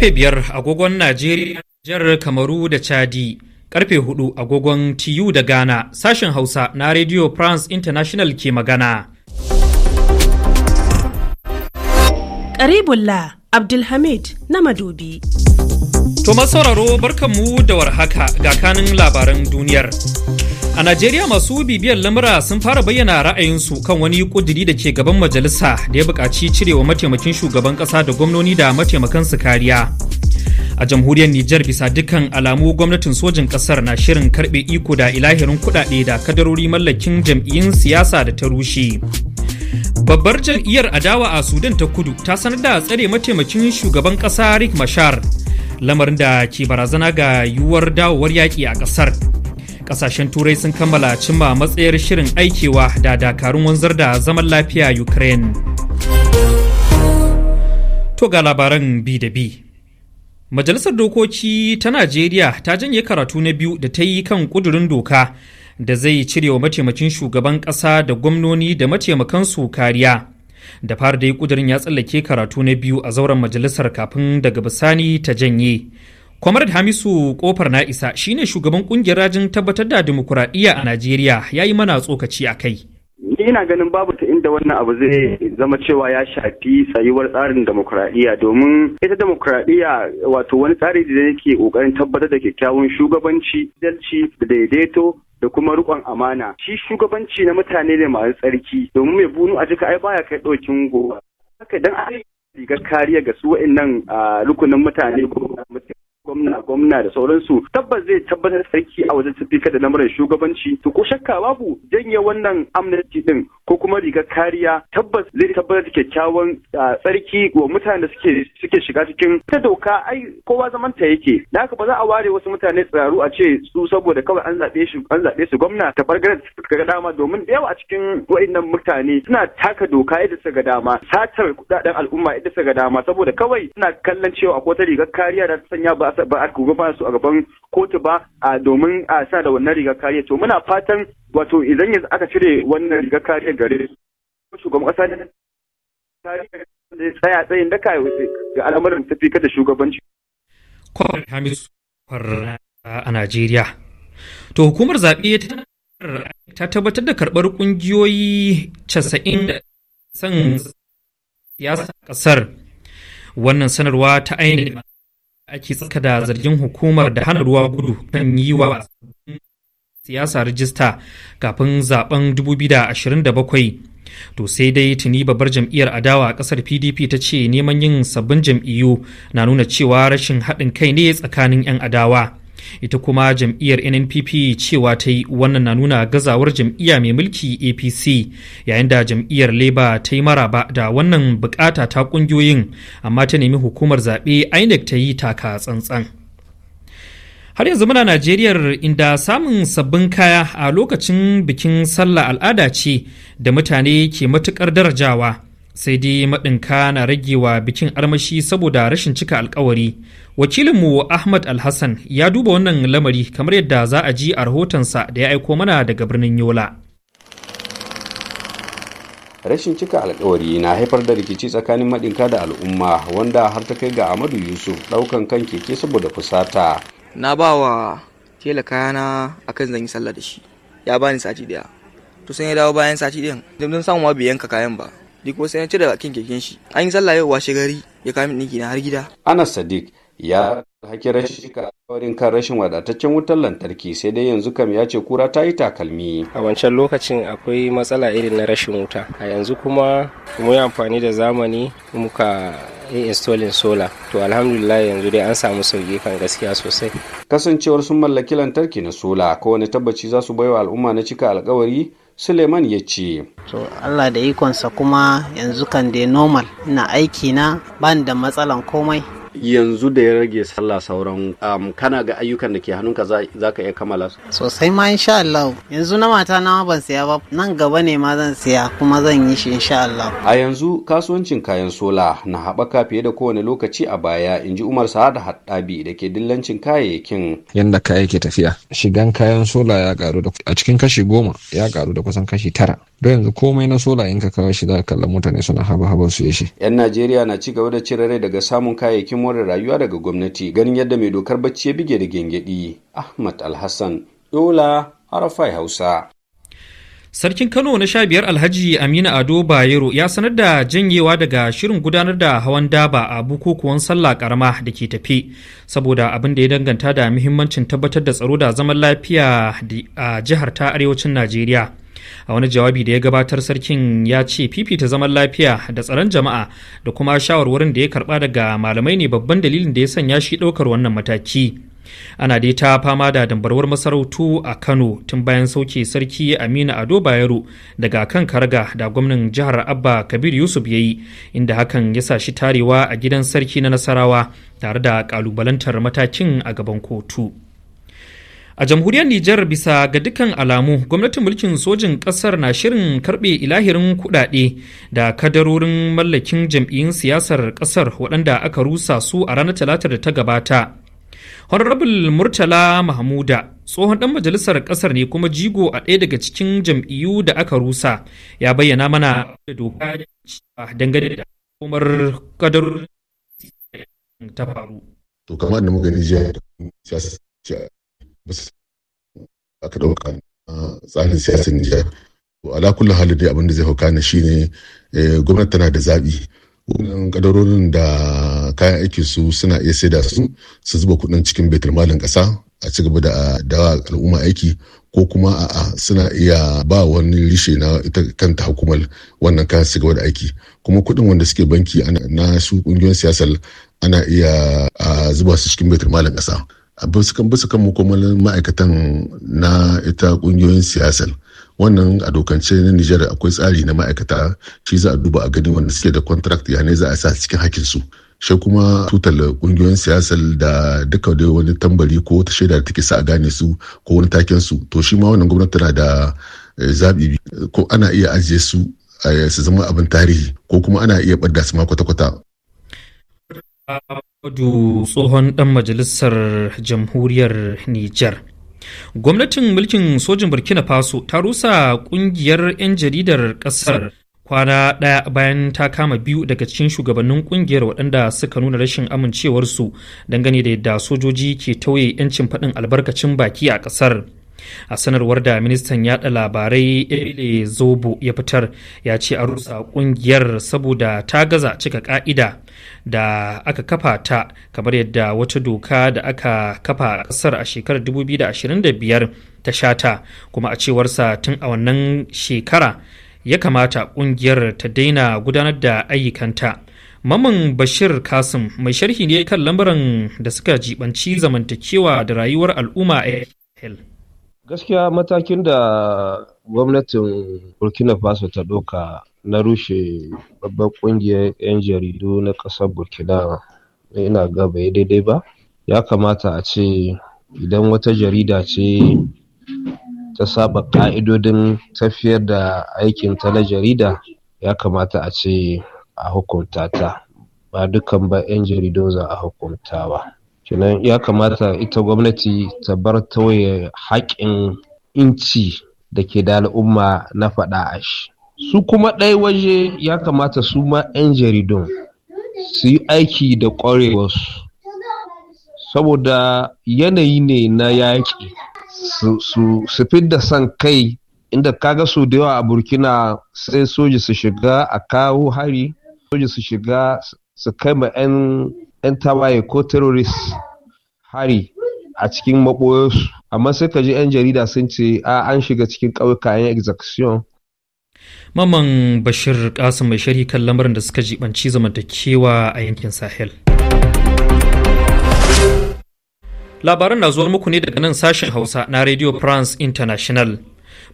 Karfe biyar agogon Najeriya, Jar Kamaru da Chadi. Karfe hudu agogon TU da Ghana, sashen Hausa na Radio France International ke magana. Karibulla Abdulhamid na Madobi. To masauraro barkanmu da warhaka ga kanin labaran duniyar. A Najeriya masu bibiyar lamura sun fara bayyana ra'ayinsu kan wani ƙudiri da ke gaban majalisa da ya buƙaci cirewa mataimakin shugaban ƙasa da gwamnoni da mataimakan su kariya. A jamhuriyar Nijar bisa dukkan alamu gwamnatin sojin ƙasar na shirin karɓe iko da ilahirin kuɗaɗe da kadarori mallakin jam'iyyun siyasa da ta rushe. Babbar jam'iyyar adawa a Sudan ta kudu ta sanar da tsare mataimakin shugaban ƙasa Rick Mashar lamarin da ke barazana ga yiwuwar dawowar yaƙi a ƙasar. kasashen turai sun kammala cimma matsayar shirin aikewa da dakarun wanzar da zaman lafiya ukraine to ga labaran bi da bi majalisar dokoki ta najeriya ta janye karatu na biyu da ta yi kan kudurin doka da zai cire wa mataimakin shugaban kasa da gwamnoni da mataimakansu kariya da fara dai kudurin ya tsallake karatu na biyu a zauren majalisar kafin daga bisani ta janye Kwamar Hamisu Kofar na isa ne shugaban kungiyar rajin tabbatar da dimokuraɗiyya a Najeriya ya yi mana tsokaci a kai. Ni ina ganin babu ta inda wannan abu zai eh. zama cewa ya shafi tsayuwar tsarin demokuraɗiyya domin ita demokuraɗiyya wato wani tsari da yake ƙoƙarin tabbatar da kyakkyawan shugabanci, dalci da daidaito da kuma rikon amana. Shi shugabanci na mutane ne masu tsarki domin mai bunu a jika ai baya kai ɗaukin gowa. Haka dan rigar kariya ga su a ah, rukunin mutane gwamna gwamna da sauransu tabbas zai tabbatar sarki a wajen tafiya da lamarin shugabanci to ko shakka babu janye wannan amnesty din ko kuma rigar kariya tabbas zai tabbatar da kyakkyawan tsarki wa mutanen da suke suke shiga cikin ta doka ai kowa zaman ta yake da haka ba za a ware wasu mutane tsiraru a ce su saboda kawai an zaɓe shi an zaɓe su gwamna ta bangaren suka ga dama domin da yawa a cikin wa'innan mutane suna taka doka yadda su ga dama satar kudaden al'umma yadda su ga dama saboda kawai suna kallon cewa akwai ta rigar kariya da ta sanya ba ba a gobe ba su a gaban kotu ba a domin a sa da wannan rigar kariya to muna fatan wato idan yanzu aka cire wannan rigar kariya gare shugaban kasa da tsaya tsayin da kayo ga al'amuran tafi da shugabanci. Kwamar Hamisu a Najeriya. To hukumar zaɓe ta tabbatar da karɓar ƙungiyoyi casa'in da san yasa ƙasar wannan sanarwa ta ainihin ake tsaka da zargin hukumar da hana ruwa gudu kan yi wa siyasa rijista kafin zaben 2027 to sai dai tuni babbar jam'iyyar adawa a kasar pdp ta ce neman yin sabbin jam'iyyu na nuna cewa rashin haɗin kai ne tsakanin 'yan adawa ita kuma jam'iyyar nnpp cewa ta yi wannan na nuna gazawar jam'iyya mai mulki apc yayin da jam'iyyar labour ta yi maraba da wannan bukata ta kungiyoyin amma ta nemi hukumar zaɓe inec ta yi taka tsantsan har yanzu muna najeriya inda samun sabbin kaya a lokacin bikin sallah al'ada ce da mutane ke matukar darajawa sai dai maɗinka na ragewa bikin armashi saboda rashin cika alkawari wakilinmu ahmad alhassan ya duba wannan lamari kamar yadda za a ji a rahotonsa da ya aiko mana daga birnin yola rashin cika alkawari na haifar da rikici tsakanin maɗinka da al'umma wanda har ta kai ga amadu yusuf ɗaukan kan keke saboda fusata na ba wa tela kayana akan zan yi sallah da shi ya bani sati daya to sun ya dawo bayan sati ɗin don samun wa bai yanka kayan ba duk wasu sai cire bakin keken shi an yi sallah yau washe gari ya kawo ɗinki na har gida anas sadiq ya haƙi rashin cika alkawarin kan rashin wadataccen wutar lantarki sai dai yanzu kam ya ce kura ta yi takalmi a wancan lokacin akwai matsala irin na rashin wuta a yanzu kuma mu yi amfani da zamani muka yi installing solar to alhamdulillah yanzu dai an samu sauki kan gaskiya sosai kasancewar sun mallaki lantarki na sola kowane tabbaci za su baiwa al'umma na cika alkawari suleiman ya ce to allah da ikonsa kuma yanzu kan dai normal ina aiki na ban da matsalan komai yanzu da ya rage sallah sauran um, kana ga ayyukan da ke hannunka za ka iya kammala su sosai ma insha Allah yanzu na mata na ban siya ba nan gaba ne ma zan siya kuma zan yi shi insha Allah a yanzu kasuwancin kayan sola na haɓaka fiye da kowane lokaci a baya in ji Umar Sa'ad Haddabi da ke dillancin kayayyakin yanda kaya ke tafiya shigan kayan sola ya karu da a cikin kashi goma ya karu da kusan kashi tara don yanzu komai na sola in ka kawo shi za ka kalla mutane suna haba haba su yi shi yan Najeriya na ci gaba da cire rai daga samun kayayyakin more rayuwa daga gwamnati ganin yadda mai dokar bacci ya bige da gengedi Ahmad Alhassan dola Arafai Hausa. Sarkin Kano na sha biyar Alhaji Aminu Ado Bayero ya sanar da janyewa daga shirin gudanar da hawan daba a bukukuwan sallah karama da ke tafi saboda abin da ya danganta da muhimmancin tabbatar da tsaro da zaman lafiya a jihar ta arewacin Najeriya. a wani jawabi da ya gabatar sarkin ya ce fifita zaman lafiya da tsaron jama'a da kuma shawarwarin da ya karba daga malamai ne babban dalilin da ya sanya shi ɗaukar wannan mataki ana dai ta fama da dambarwar masarautu a kano tun bayan sauke sarki aminu ado bayero daga kan karga da gwamnan jihar abba kabir yusuf ya yi inda hakan ya sa shi tarewa a gidan sarki na nasarawa tare da kalubalantar matakin a gaban kotu. A jamhuriyar Nijar bisa ga dukkan alamu gwamnatin mulkin sojin ƙasar na shirin karɓe ilahirin kuɗaɗe da kadarorin mallakin jam'iyyun siyasar ƙasar waɗanda aka rusa su a ranar talatar da ta gabata. Honorable Murtala Mahmuda tsohon ɗan majalisar ƙasar ne kuma jigo a ɗaya daga cikin jam'iyyu da aka rusa ya bayyana mana da doka dangane da hukumar ta faru. aka ɗauka tsarin siyasar Nijar. To ala kullu halin dai abin da zai hauka na shine eh, gwamnati tana da zaɓi. Wannan kadarorin da kayan aikin su suna iya saida su su zuba kuɗin cikin betulmalin ƙasa a ci gaba da dawa al'umma aiki ko kuma a'a suna iya ba wani rishe na ita kanta hukumar wannan kayan su gaba da aiki kuma kuɗin wanda suke banki na su ƙungiyoyin siyasar ana iya zuba su cikin betulmalin ƙasa. a bisa kan mukammalin ma'aikatan na ita kungiyoyin siyasar wannan a dokance na Nijar akwai tsari na ma'aikata shi za a duba a gani wanda suke da contract ya ne za a sa cikin hakkin su shi kuma tutar kungiyoyin siyasar da duka da wani tambari ko wata shaida da take sa a gane su ko wani taken su to shi ma wannan gwamnati tana da eh, zaɓi ko ana iya ajiye su eh, su zama abin tarihi ko kuma ana iya ɓadda su ma kwata-kwata ah, Muhammadu tsohon ɗan majalisar jamhuriyar Nijar. Gwamnatin mulkin sojin Burkina Faso ta rusa ƙungiyar 'yan jaridar ƙasar kwana ɗaya bayan ta kama biyu daga cikin shugabannin ƙungiyar waɗanda suka nuna rashin amincewarsu dangane da yadda sojoji ke tauye 'yancin faɗin albarkacin baki a ƙasar. a sanarwar da ministan yada labarai ile zobo ya fitar ya ce a rusa kungiyar saboda ta gaza cika ka'ida da aka kafa ta kamar yadda wata doka da aka kafa a kasar a shekarar 2025 ta shata kuma a cewarsa tun a wannan shekara ya kamata kungiyar ta daina gudanar da ayyukanta Maman Bashir Kasim mai sharhi ne kan lambaran da suka jibanci zamantakewa da rayuwar al'umma a gaskiya matakin da gwamnatin burkina faso ta doka na rushe babban kungiyar 'yan jaridu na ƙasar burkina ina ga bai daidai ba ya kamata a ce idan wata jarida ce ta saba ƙa'idodin tafiyar da aikin ta na jarida ya kamata a ce a hukunta ta ba dukkan ba 'yan jaridu za a hukunta ba kenan ya kamata ita gwamnati ta bar tauye haƙƙin inci da ke da al'umma na faɗa a shi su kuma ɗaya waje ya kamata su ma 'yan jaridun su yi aiki da ƙwarewarsu saboda yanayi ne na yaƙi su da san kai inda kaga su da yawa a burkina sai soji su shiga a kawo hari soji su shiga su kai ma 'yan 'yan tawaye ko terrorists hari a cikin maɓoyarsu amma sai ka ji 'yan jarida sun ce a an shiga cikin ƙauyuka 'yan execution Maman Bashir Kasim mai sharhi kan lamarin da suka jibanci zamantakewa a yankin Sahel. Labaran na zuwar muku ne daga nan sashen Hausa na Radio France International.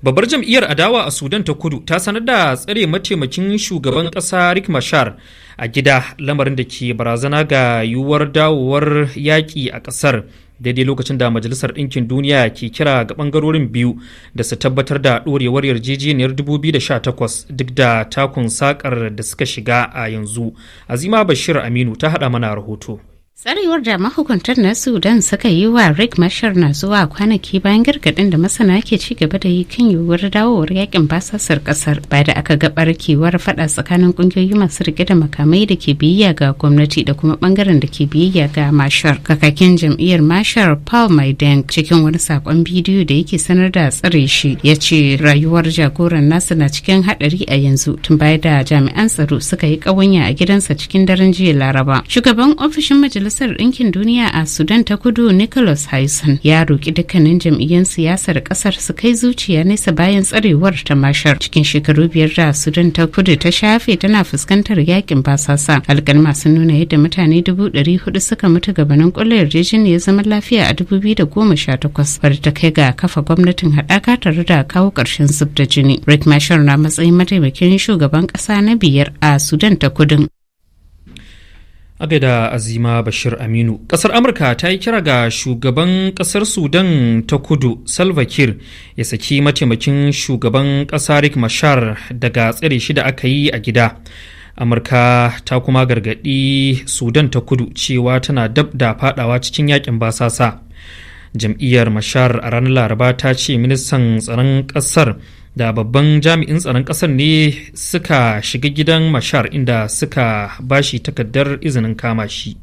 Babbar jam'iyyar adawa a Sudan ta kudu ta sanar da tsare mataimakin shugaban kasa Rick Mashar a gida lamarin da ke barazana ga yiwuwar dawowar yaƙi a ƙasar daidai lokacin da Majalisar Ɗinkin Duniya ke kira ga ɓangarorin biyu da su tabbatar da ɗorewar yarjejeniyar dubu biyu da 2018 duk da takun sakar da suka shiga a yanzu. Azima Bashir Aminu ta haɗa mana rahoto. tsarewar da mahukuntar na sudan suka yi wa rick mashar na zuwa kwanaki bayan gargadin da masana ke ci gaba da yi kan yiwuwar dawowar yakin basasar kasar ba da aka ga barkewar fada tsakanin kungiyoyi masu rike da makamai da ke biyayya ga gwamnati da kuma bangaren da ke biyayya ga mashar kakakin jam'iyyar mashar paul maiden cikin wani sakon bidiyo da yake sanar da tsare shi ya ce rayuwar jagoran nasu na cikin hadari a yanzu tun baya da jami'an tsaro suka yi kawanya a gidansa cikin daren jiya laraba shugaban ofishin majalisar majalisar ɗinkin duniya a sudan ta kudu nicholas hyson ya roƙi dukkanin jam'iyyun siyasar ƙasar su kai zuciya nesa bayan tsarewar ta mashar cikin shekaru biyar da sudan ta kudu ta shafe tana fuskantar yakin basasa alƙalma sun nuna yadda mutane dubu ɗari hudu suka mutu gabanin ƙulla ya zama lafiya a dubu biyu da goma sha takwas wadda ta kai ga kafa gwamnatin haɗaka tare da kawo ƙarshen zub da jini rick mashar na matsayin mataimakin shugaban ƙasa na biyar a sudan ta Kudu. agada azima bashir aminu kasar amurka ta yi kira ga shugaban kasar sudan ta kudu salva ya saki mataimakin shugaban kasa rick mashar daga tsare shi da aka yi a gida amurka ta kuma gargadi sudan ta kudu cewa tana dab da fadawa cikin yakin basasa jam'iyyar mashar a ranar laraba ta ce ministan tsaron kasar da babban jami'in tsaron ƙasar ne suka shiga gidan mashar inda suka bashi takardar izinin kama shi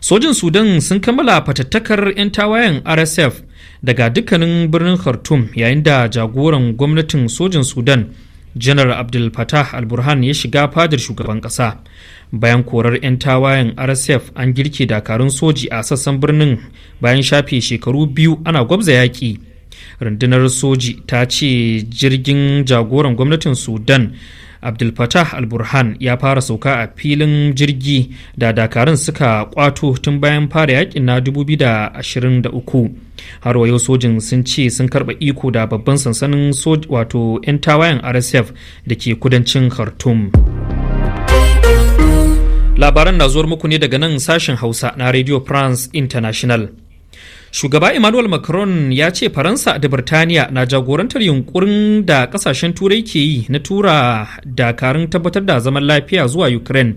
sojin sudan sun kammala fatattakar 'yan tawayen rsf daga dukkanin birnin khartoum yayin da jagoran gwamnatin sojin sudan janar abdul fatah al-burhan ya shiga fadar shugaban kasa bayan korar 'yan tawayen rsf an girke dakarun soji a sassan birnin bayan shafe shekaru biyu ana gwabza yaƙi rundunar soji ta ce jirgin jagoran gwamnatin sudan abdul fatah al-burhan ya fara sauka a filin jirgi da dakarun suka kwato tun bayan fara yakin na 2023 har wayo sojin sun ce sun karba iko da babban sansanin wato 'yan tawayen rsf da ke kudancin khartoum labaran na zuwar muku ne daga nan sashen hausa na radio france international shugaba emmanuel macron ya ce faransa da birtaniya na jagorantar yunkurin da kasashen turai ke yi na tura dakarun tabbatar da zaman lafiya zuwa ukraine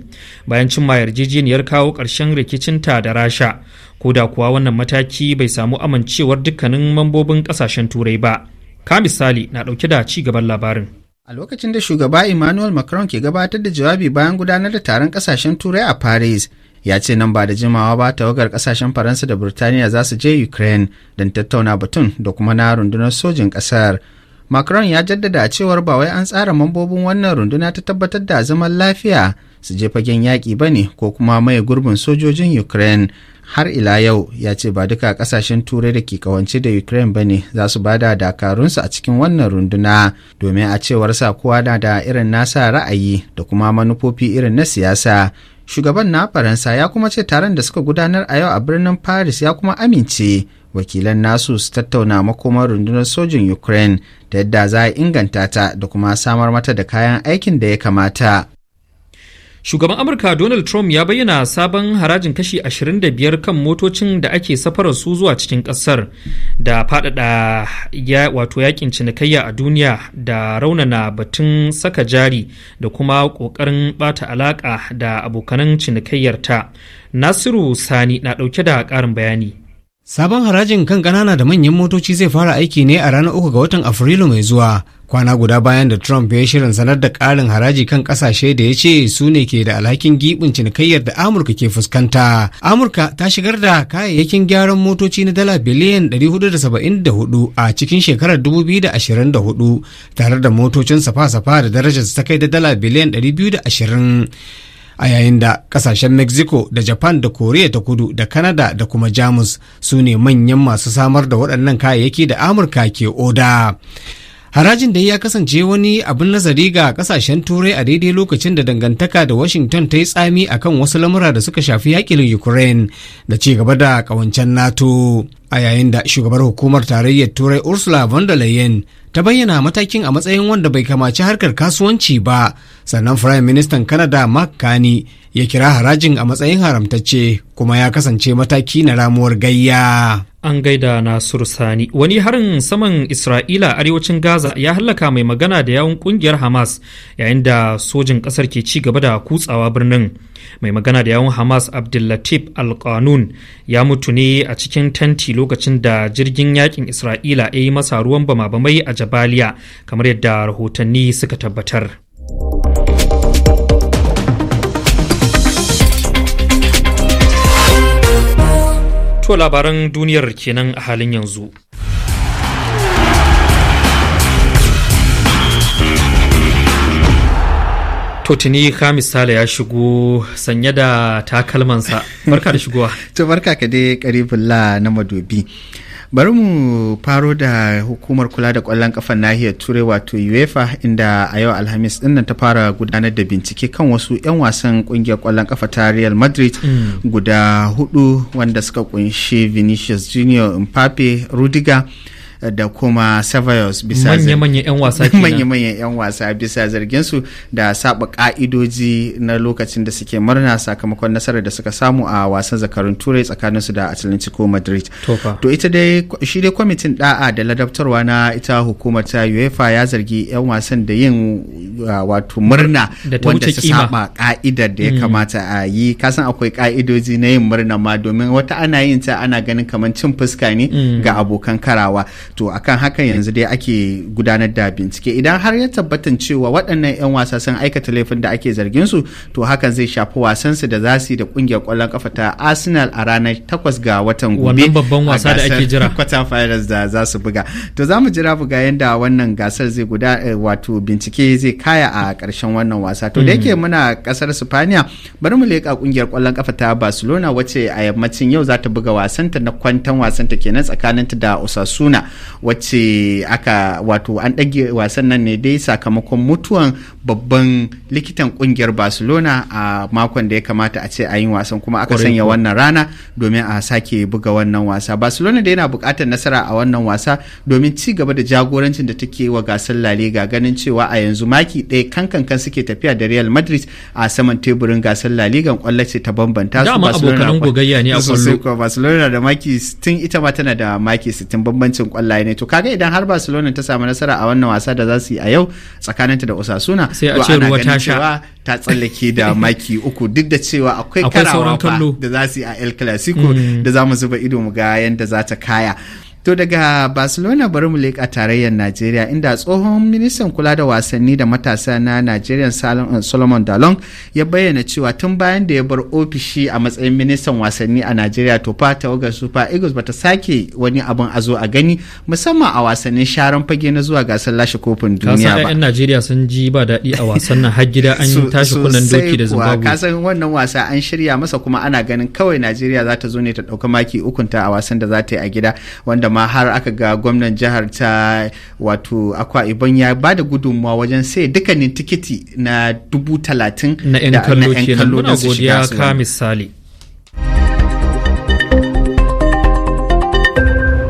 bayan cimma yarjejeniyar kawo ƙarshen rikicinta da rasha ko da kuwa wannan mataki bai samu amincewar dukkanin mambobin kasashen turai ba ka misali na dauke da ci gaban labarin A lokacin da shugaba Emmanuel Macron ke gabatar da jawabi bayan gudanar da taron kasashen Turai a Paris, ya ce nan ba da jimawa ba tawagar kasashen faransa da burtaniya za su je ukraine don tattauna batun da kuma na rundunar sojin kasar macron ya jaddada a cewar ba wai an tsara mambobin wannan runduna ta tabbatar da zaman lafiya su je fagen yaƙi ba ne ko kuma mai gurbin sojojin ukraine har ila yau ya ce ba duka kasashen turai da ke kawance da ukraine ba ne za su bada dakarunsu a cikin wannan runduna domin a cewar sa kowa na da irin nasa ra'ayi da kuma manufofi irin na siyasa shugaban na faransa ya kuma ce taron da suka gudanar a yau a birnin paris ya kuma amince wakilan nasu su tattauna makomar rundunar sojin ukraine da yadda za a inganta ta da kuma samar mata da kayan aikin da ya kamata Shugaban Amurka Donald Trump ya bayyana sabon harajin kashi 25 kan motocin da ake safarar su zuwa cikin ƙasar da faɗaɗa ya wato yakin cinikayya a duniya da raunana batun saka jari da kuma ƙoƙarin ɓata alaƙa da abokanan cinikayyar ta. Nasiru Sani na ɗauke da ƙarin bayani. Sabon harajin kan ƙanana da manyan motoci zai fara aiki ne a ranar uku ga watan Afrilu mai zuwa, kwana guda bayan da Trump ya shirin sanar da ƙarin haraji kan ƙasashe da ya ce su ne ke da alhakin giɓin cinikayyar da Amurka ke fuskanta. Amurka ta shigar da kayayyakin gyaran motoci na dala biliyan 474 a cikin shekarar 2024 tare da motocin safa-safa da darajar ta kai da dala biliyan 220. a yayin da kasashen mexico da japan da korea ta kudu da canada da kuma jamus su ne manyan masu samar da waɗannan kayayyaki da amurka ke oda harajin da ya kasance wani abin nazari ga kasashen turai a daidai lokacin da dangantaka da washington ta yi tsami akan wasu lamura da suka shafi yakin ukraine da ci gaba da kawancen nato a yayin da shugabar hukumar tarayyar turai ursula von der leyen ta bayyana matakin a matsayin wanda bai kamaci harkar kasuwanci ba sannan firayim ministan Kanada mark carney ya kira harajin a matsayin haramtacce kuma ya kasance mataki na ramuwar gayya. An gaida Nasiru Sani, wani harin saman Isra'ila arewacin Gaza ya hallaka mai magana da yawun kungiyar Hamas yayin da sojin ƙasar ke ci gaba da kutsawa birnin. Mai magana da yawun Hamas Abdullatif Al-Qanun ya mutu ne a cikin tanti lokacin da jirgin yakin Isra'ila ya yi masa ruwan bama-bamai a Jabaliya kamar yadda rahotanni suka tabbatar. To labaran duniyar kenan a halin yanzu. To tuni Hamis Sale ya shigo sanye da takalmansa. Barka da shigowa. To barka ka dai karibin la na madobi. bari mu faro da hukumar kula da kwallon kafan nahiyar turai wato uefa inda a yau alhamis din ta fara gudanar da bincike kan wasu 'yan wasan kungiyar kwallon kafa ta real madrid mm. guda hudu wanda suka kunshi vinicius junior mpape rudiger da kuma Savios bisa manya-manyan 'yan wasa manya bisa zarginsu da saba ka'idoji na lokacin da suke murna sakamakon nasarar da suka samu a wasan zakarun turai tsakaninsu da Atlantico Madrid. To ita dai shi dai kwamitin da'a da ladabtarwa na ita hukumar ta UEFA ya zargi 'yan wasan da yin wato murna wanda su saba ka'idar da ya mm. kamata a yi kasan akwai ka'idoji na yin murna ma domin wata ana yin ta ana ganin kamar cin fuska ne mm. ga abokan karawa to akan hakan yanzu dai ake gudanar da bincike idan har ya tabbatan cewa waɗannan 'yan wasa sun aikata laifin da ake zargin su to hakan zai shafi wasansu da za su da kungiyar ƙwallon kafa ta arsenal a ranar 8 ga watan gobe wannan babban wasa da ake jira kwata finals da za su buga to za mu jira buga yanda wannan gasar zai guda eh, wato bincike zai kaya a ƙarshen wannan wasa to da yake mm. muna ƙasar spaniya bari mu leƙa kungiyar ƙwallon kafa ta barcelona wacce a yammacin yau za ta buga wasanta na kwantan wasanta kenan tsakaninta da osasuna wacce aka wato an ɗage wasan nan ne dai sakamakon mutuwan babban likitan kungiyar barcelona a makon da ya kamata a ce a yi wasan kuma aka sanya wannan rana domin a sake buga wannan wasa barcelona da yana buƙatar nasara a wannan wasa domin ci gaba da jagorancin da take wa gasar la liga ganin cewa a yanzu maki ɗaya kankan kan suke tafiya da real madrid a saman teburin gasar la liga kwallo ce ta bambanta su barcelona gogayya ne a kwallo barcelona da maki 60 ita ma tana da maki 60 bambancin kwallaye ne to kaga idan har barcelona ta samu nasara a wannan wasa da za su yi a yau tsakaninta da osasuna sai a ce ruwa ta sha ta tsallake da maki uku duk da cewa akwai karawa da za su yi a el clasico hmm. da za mu zuba ido mu ga yadda za ta kaya To daga Barcelona bari mu leƙa tarayyar Najeriya inda tsohon ministan kula da wasanni da matasa na Najeriya eh, Solomon Dalon ya bayyana cewa tun bayan da ya bar ofishi a matsayin ministan wasanni a Najeriya to fa tawagar Super Eagles bata sake wani abun a zo a gani musamman a wasannin sharan fage na zuwa gasar lashe kofin duniya ba. Kasan Najeriya sun ji ba daɗi a wasan nan har gida an tashi kunan doki da Zimbabwe. Kasan wannan wasa an shirya masa kuma ana ganin kawai Najeriya za ta zo ne ta ɗauka maki ukunta a wasan da za ta yi a gida wanda ma har aka ga gwamnan jihar ta wato akwa ibon ya ba da gudunmawa wajen sai dukkanin tikiti na dubu talatin na 'yan kallo kenan su godiya ka misali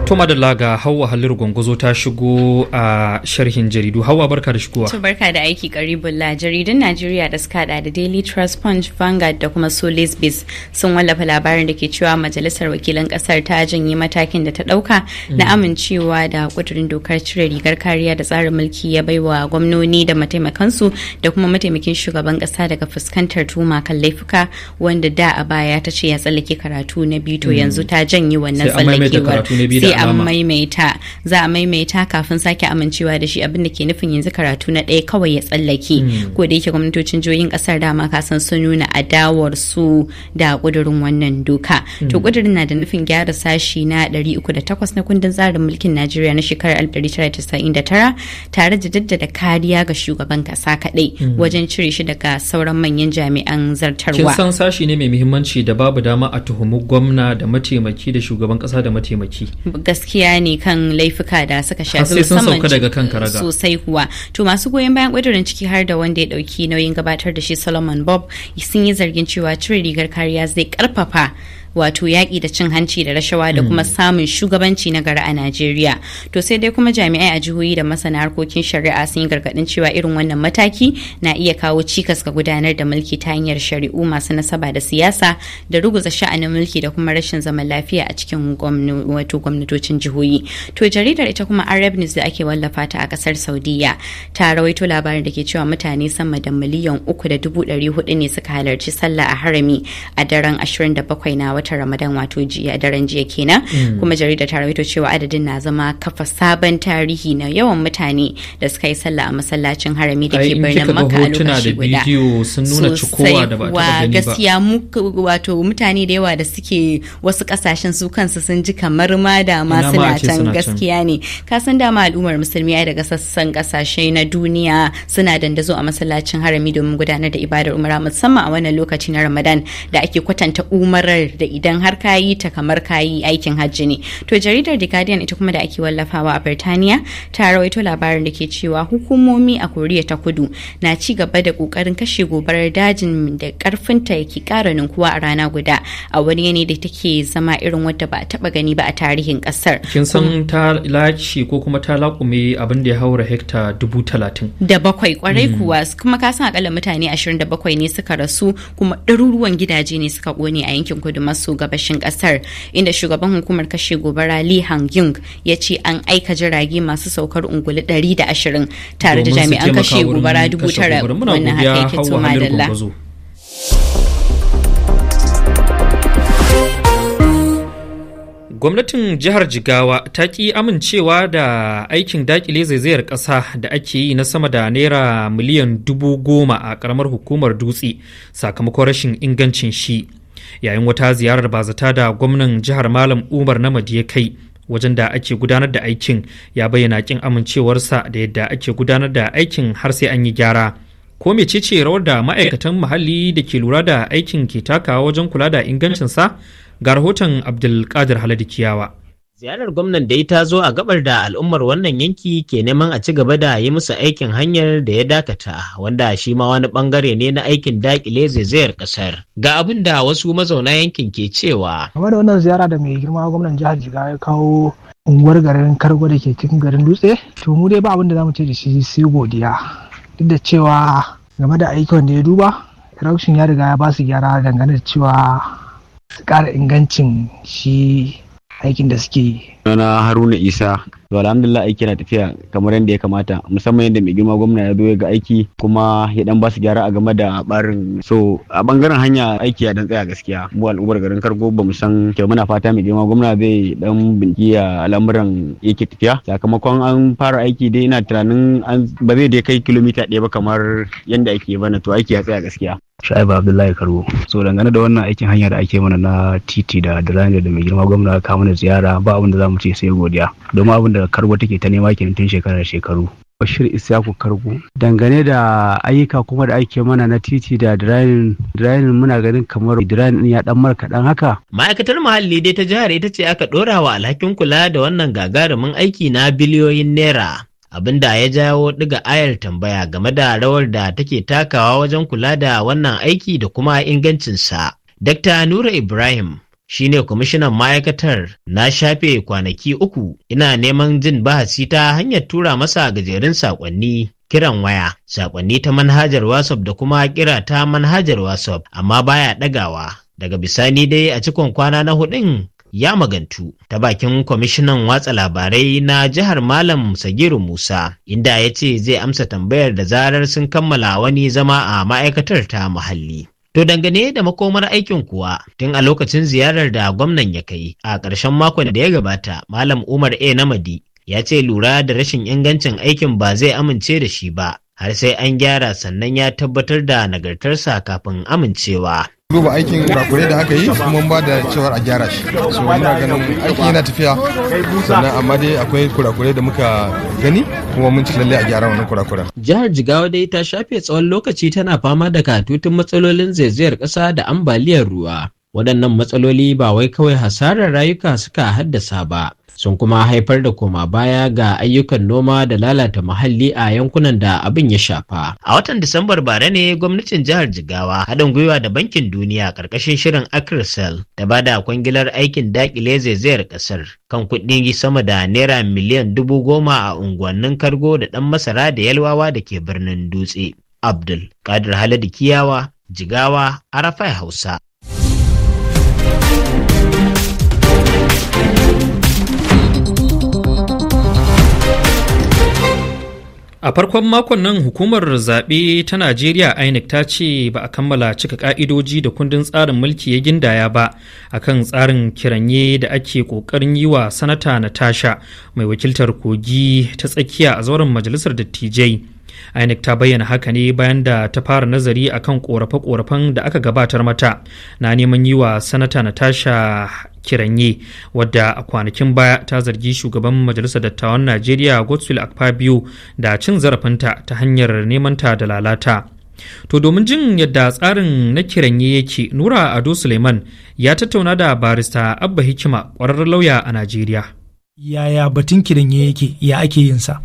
To madalla ga Hauwa Halir Gwangwazo ta shigo a sharhin jaridu. Hauwa barka da shigowa. To barka da aiki la Jaridun Najeriya da suka da Daily Trust Punch, Vanguard da kuma Solis Biz sun wallafa labarin da ke cewa Majalisar Wakilan Kasar ta janye matakin da ta dauka na mm. amincewa da kudurin dokar cire rigar kariya da tsarin mulki ya baiwa gwamnoni da mataimakansu da kuma mataimakin shugaban kasa daga fuskantar tuma kan laifuka wanda da a baya ta ce ya tsallake karatu na biyu to mm. yanzu ta janye wannan tsallakewar. sai a maimaita za a maimaita kafin sake amincewa da shi abinda ke nufin yanzu karatu na ɗaya kawai ya tsallake hmm. ko da yake gwamnatocin jihohin kasar dama ka san su nuna adawar su da kudurin wannan doka to kudurin hmm. na da nufin gyara sashi na 308 na kundin tsarin mulkin Najeriya na shekarar 1999 tare da daddada kariya ga shugaban kasa kadai hmm. wajen cire shi daga sauran manyan jami'an zartarwa kin san sashi ne mai muhimmanci da babu dama a tuhumi gwamna da mataimaki da shugaban kasa da mataimaki gaskiya ne kan laifuka da suka shafi musamman sosai kuwa to masu goyon bayan ƙudurin ciki har da wanda ya ɗauki nauyin gabatar da shi solomon bob sun yi zargin cewa cire rigar kariya zai ƙarfafa wato yaƙi da cin hanci da rashawa da kuma mm. samun shugabanci na gari a Najeriya. To sai dai kuma jami'ai a jihohi da masana harkokin shari'a sun yi gargaɗin cewa irin wannan mataki na iya kawo cikas ga gudanar da mulki ta hanyar shari'u masu nasaba da siyasa da ruguza sha'anin mulki da kuma rashin zaman lafiya a cikin wato gwamnatocin jihohi. To jaridar ita kuma Arab News da ake wallafa ta a ƙasar Saudiya ta rawaito labarin da ke cewa mutane sama da miliyan uku da dubu ɗari hudu ne suka halarci sallah a harami a daren ashirin 27 na wata watan Ramadan wato jiya daren jiya kenan mm. kuma jarida ta rawaito cewa adadin na zama kafa sabon tarihi na yawan mutane da suka yi sallah a masallacin harami da ke birnin maka a lokaci guda. sun nuna gaskiya wato mutane da yawa da suke wasu kasashen su kansu sun ji kamar ma da ma suna can gaskiya ne kasan dama al'ummar musulmi ai daga sassan kasashe na duniya suna dandazo a masallacin harami domin gudanar da ibadar umara musamman a wannan lokaci na Ramadan da ake kwatanta umarar da idan har ka yi ta kamar ka yi aikin hajji ne to jaridar the guardian ita kuma da ake wallafawa a birtaniya ta rawaito labarin da ke cewa hukumomi a koriya ta kudu na ci gaba da kokarin kashe gobarar dajin da karfin ta yake kara ninkuwa a rana guda a wani yanayi da take zama irin wadda ba a taba gani ba a tarihin kasar kin san ta laci ko kuma ta lakume abin da ya haura hekta dubu talatin da bakwai kwarai mm. kuwa kuma ka san akalla mutane ashirin da bakwai ne suka rasu kuma ɗaruruwan gidaje ne suka kone a yankin kudu maso su gabashin kasar inda shugaban hukumar kashe gobara Lee Hang Yung ya ce an aika jirage masu saukar ungulu 120 tare da jami'an kashe gobara dubu wannan haka yake gwamnatin jihar jigawa ta ki amincewa da aikin dakile zaizayar ƙasa da ake yi na sama da naira miliyan dubu goma a ƙaramar hukumar dutse sakamakon rashin ingancin shi yayin wata ziyarar bazata da gwamnan jihar malam umar namadi ya kai wajen da ake gudanar da aikin ya bayyana kin amincewarsa da yadda ake gudanar da aikin har sai an yi gyara ko mecece rawar da ma'aikatan muhalli da ke lura da aikin ke takawa wajen kula da ingancinsa ga rahoton abdulkadir haladikiyawa Ziyarar gwamnan da ta zo a gabar da al'ummar wannan yanki ke neman a ci gaba da yi musu aikin hanyar da ya dakata wanda shi ma wani bangare ne na aikin dakile zaizayar kasar. Ga abin da wasu mazauna yankin ke cewa. Game da wannan ziyara da mai girma gwamnan jihar Jigawa ya kawo unguwar garin Kargo da ke cikin garin Dutse, to mu dai ba abin da zamu ce da shi sai godiya. Duk da cewa game da aikin da ya duba, rashin ya riga ya ba su gyara dangane da cewa su ƙara ingancin shi aikin da suke yi. Suna Haruna Isa. To alhamdulillah aiki na tafiya kamar yadda ya kamata musamman yadda mai girma gwamna ya zo ya ga aiki kuma ya dan ba su gyara a game da barin so a bangaren hanya aiki ya dan tsaya gaskiya mu al'ummar garin Kargo ba mu san kyau muna fata mai girma gwamna zai dan a al'amuran yake tafiya sakamakon an fara aiki dai ina tunanin ba zai dai kai kilomita ɗaya ba kamar yadda ake bana to aiki ya tsaya gaskiya. Sha'ibu Abdullahi Karbo. So dangane da wannan aikin hanya da ake mana na titi da Dalani da mai girma gwamna ka mana ziyara ba abin da za mu ce sai godiya. Domin abin da Karbo take ta nema kenan tun shekarar shekaru. Bashir Isyaku Kargo. Dangane da ayyuka kuma da ake mana na titi da drainin drainin muna ganin kamar din ya dan markaɗan haka. Ma'aikatar muhalli dai ta jihar ita ce aka ɗora wa alhakin kula da wannan gagarumin aiki na biliyoyin naira. Abin da ya jawo ɗiga ayar tambaya game da rawar da take takawa wajen kula da wannan aiki da kuma ingancinsa. Dr. Nura Ibrahim shine kwamishinan ma'aikatar na shafe kwanaki uku ina neman jin bahasi ta hanyar tura masa gajerun saƙonni kiran waya saƙonni ta manhajar whatsapp da kuma kira ta manhajar whatsapp amma baya ɗagawa daga bisani dai a cikon kwana na hudun ya magantu ta bakin kwamishinan watsa labarai na jihar Malam Sagiru Musa inda ya ce zai amsa tambayar da zarar sun kammala wani zama a ma'aikatar ta muhalli. To dangane da makomar aikin kuwa tun a lokacin ziyarar da gwamnan ya kai a ƙarshen makon da ya gabata Malam Umar A. Namadi ya ce lura da rashin ingancin aikin ba zai amince da shi ba har sai an gyara sannan ya tabbatar da nagartarsa kafin amincewa. duba aikin kurakure da aka yi mun ba da cewar a gyara shi so muna ganin aiki yana tafiya sannan amma dai akwai kurakure da muka gani kuma mun ci lalle a gyara wannan kurakuren jihar jigawa dai ta shafe tsawon lokaci tana fama da katutun matsalolin zaizayar ƙasa da ambaliyar ruwa waɗannan matsaloli ba wai kawai hasarar rayuka suka haddasa ba sun kuma haifar da koma baya ga ayyukan noma da lalata muhalli a yankunan da abin ya shafa. A watan Disambar bara ne gwamnatin jihar Jigawa haɗin gwiwa da Bankin Duniya ƙarƙashin shirin Acrisel da bada kwangilar aikin daƙile zaizayar ƙasar kan kuɗin sama da naira miliyan dubu goma a unguwannin Kargo da ɗan masara da Yalwawa da ke birnin Dutse. Abdul Kadir Haladu Kiyawa, Jigawa, Arafai Hausa. A farkon makon nan hukumar zaɓe ta Najeriya INEC ta ce ba a kammala cika ƙa'idoji da kundin tsarin mulki ya gindaya ba a kan tsarin kiranye da ake ƙoƙarin yi wa sanata Natasha mai wakiltar kogi ta tsakiya a zauren majalisar dattijai. inec ta bayyana haka ne bayan da ta fara nazari a kan korafe-korafen da aka gabatar mata na neman yi wa sanata natasha kiranye wadda a kwanakin baya ta zargi shugaban majalisar dattawan najeriya godswill akpabio da cin zarafinta ta hanyar nemanta da lalata To domin jin yadda tsarin na kiranye yake Nura Ado Suleiman ya tattauna da barista Abba Hikima kwararren lauya a Najeriya. Yaya batun kiranye yake ya ake yinsa?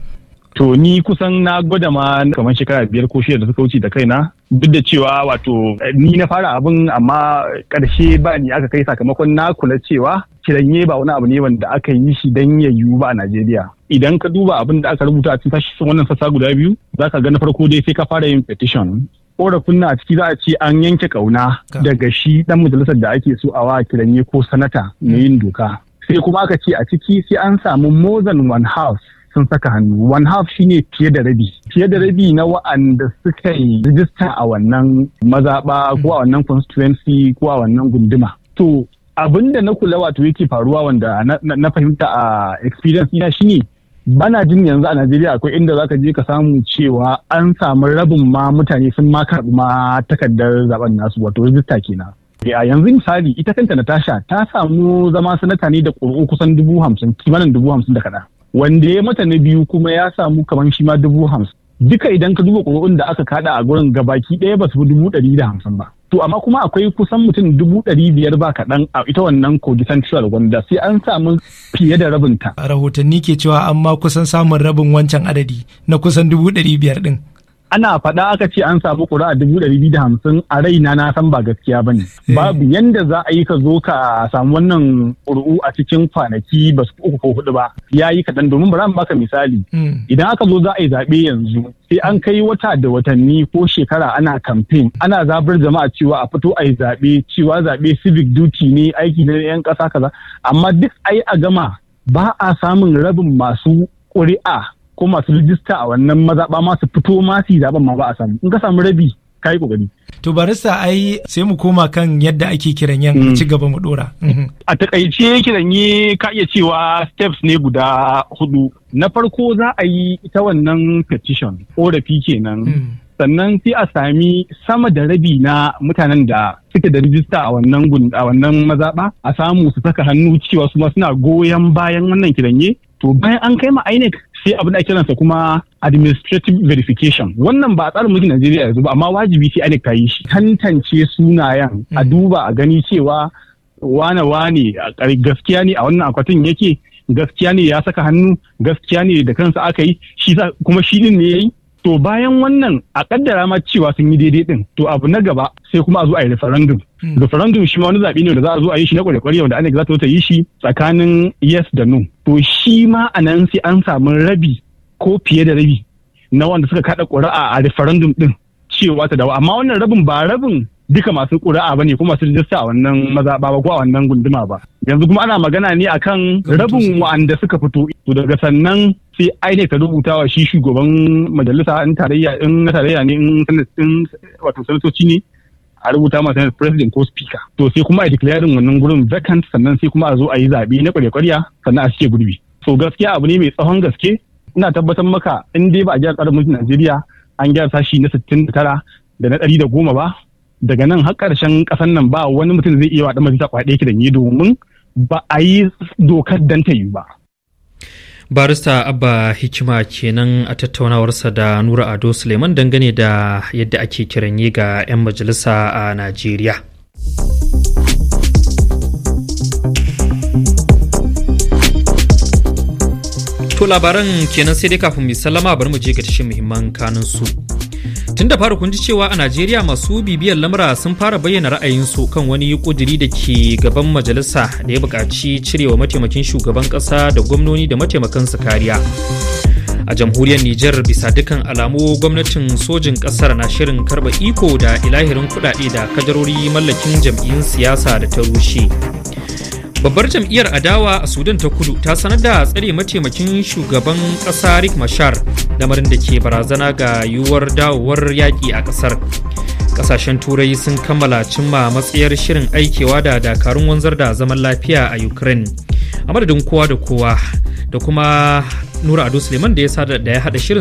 To ni kusan na gwada ma kamar shekara biyar ko shida da suka wuce da kaina duk da cewa wato eh, ni na fara abin amma ƙarshe ba ni aka kai sakamakon na kula cewa kiranye ba wani abu ne wanda aka yi shi dan ya yiwu ba a Najeriya. Idan ka duba abin da aka rubuta a cikin sashen wannan sassa guda biyu za ka ga na farko dai sai ka fara yin petition. Korafin na a ciki za a ce an yanke ƙauna. daga shi dan majalisar da ake so a wa kiranye ko sanata na yin doka. Sai kuma aka ce a ciki sai an samu more than one house sun saka hannu one half shine fiye da rabi fiye da rabi na wa'anda suka yi rijista a wannan mazaɓa ko a wannan constituency ko a wannan gunduma to abin da na kula wato yake faruwa wanda na fahimta a experience na shine bana jin yanzu a Najeriya akwai inda zaka je ka samu cewa an samu rabin ma mutane sun ma karɓi ma takardar zaben nasu wato rijista kenan eh, a yanzu misali ita kanta Natasha ta samu zama sanata ne da ƙuri'u kusan dubu hamsin kimanin dubu hamsin da kaɗa. wanda ya mata na biyu kuma ya samu kamar shi ma dubu hamsin duka idan ka duba ƙuri'un da aka kada a gurin gabaki ɗaya ba su fi dubu ɗari da hamsin ba to amma kuma akwai kusan mutum dubu ɗari biyar ba kaɗan a ita wannan kogi central wanda sai an samu fiye da rabinta rahotanni ke cewa an ma kusan samun rabin wancan adadi na kusan dubu ɗari biyar ɗin ana faɗa aka ce an samu ƙuri'a dubu ɗari biyu da hamsin a raina na san ba gaskiya ba ne. Hmm. Babu yanda za a yi ka zo ka samu wannan ƙuru'u a cikin kwanaki ba su uku ko hudu ba. Ya yi kaɗan domin bari baka misali. Hmm. Idan aka zo za a yi zaɓe yanzu sai an kai wata da watanni ko shekara ana kamfen ana zabar jama'a cewa a fito a yi zaɓe cewa zaɓe civic duty ne aiki na 'yan ƙasa kaza amma duk ai a gama ba a samun rabin masu ƙuri'a ko masu rijista a wannan mazaɓa masu fito masu yi zaɓen ma ba a sami in ka samu rabi ka yi ƙoƙari. To barista ai sai mu koma kan yadda ake kiran yan mm. ci gaba mu dora. Mhm. A takaice kiran yi ka iya cewa steps ne guda hudu. Na farko za a yi ita wannan petition korafi kenan. Mm. Sannan sai a sami sama da rabi na mutanen da suke da rijista a wannan a wannan mazaɓa a samu su saka hannu cewa su ma suna goyon bayan wannan kiranye. To bayan an kai ma INEC sai abin da ake kiransa kuma administrative verification wannan ba a tsarin mulkin Najeriya yanzu ba amma wajibi sai a ta yi shi tantance sunayen a hmm. duba a gani cewa wane wane gaskiya ne a wannan akwatin yake gaskiya ne ya saka hannu gaskiya ne da kansa aka yi shi kuma shi din ne yayi to bayan wannan a kaddara ma cewa sun yi daidai din to abu na gaba sai kuma a zo a yi referendum Hmm. referendum shi ma wani zaɓe ne da za a zo a yi shi na kwarekwarya wanda ana za ta zo ta yi shi tsakanin yes da no to shi ma a nan sai an samu rabi ko fiye da rabi na wanda suka kaɗa ƙuri'a a referendum ɗin. cewa ta dawo amma wannan rabin ba rabin duka masu ƙuri'a ba ne kuma su rijista a wannan mazaɓa ba ko a wannan gunduma ba yanzu kuma ana magana ne akan rabin wa'anda suka fito to daga sannan sai INEC ta rubuta wa shi shugaban majalisa in tarayya in na tarayya ne in wato sanatoci ne a rubuta ma sanar president ko speaker to sai kuma a declaring wannan gurin vacant sannan sai kuma a zo a yi zaɓe na kwarya sannan a cike gurbi so gaskiya abu ne mai tsawon gaske ina tabbatar maka in dai ba a gyara tsarin mulkin Najeriya an gyara sashi na 69 da na 110 ba daga nan har ƙarshen ƙasan nan ba wani mutum zai iya wa dan majalisa kwaɗe ki da ni domin ba a yi dokar dan ta yi ba barista abba hikima kenan a tattaunawarsa da nura ado suleiman dangane da yadda ake kiran yi ga 'yan majalisa a najeriya to labaran kenan sai dai kafin mu sallama bari mu je ga tashin muhimman kanun su Tun da fara kun ji cewa a Najeriya masu bibiyar lamura sun fara bayyana ra'ayinsu kan wani ƙudiri da ke gaban majalisa da ya buƙaci cirewa mataimakin shugaban ƙasa da gwamnoni da mataimakan su kariya. A jamhuriyar Nijar bisa dukkan alamu gwamnatin sojin ƙasar na shirin karɓa iko da ilahirin kuɗaɗe da kadarori mallakin jam'iyyun siyasa da ta rushe. babbar jam'iyyar adawa a sudan ta kudu ta sanar da tsare mataimakin shugaban ƙasa rick mashar lamarin da ke barazana ga yiwuwar dawowar yaƙi a ƙasar ƙasashen turai sun kammala cimma matsayar shirin aikewa da dakarun wanzar da zaman lafiya a ukraine a madadin kowa da kowa da kuma nura ado suleiman da ya sada da ya haɗa shirin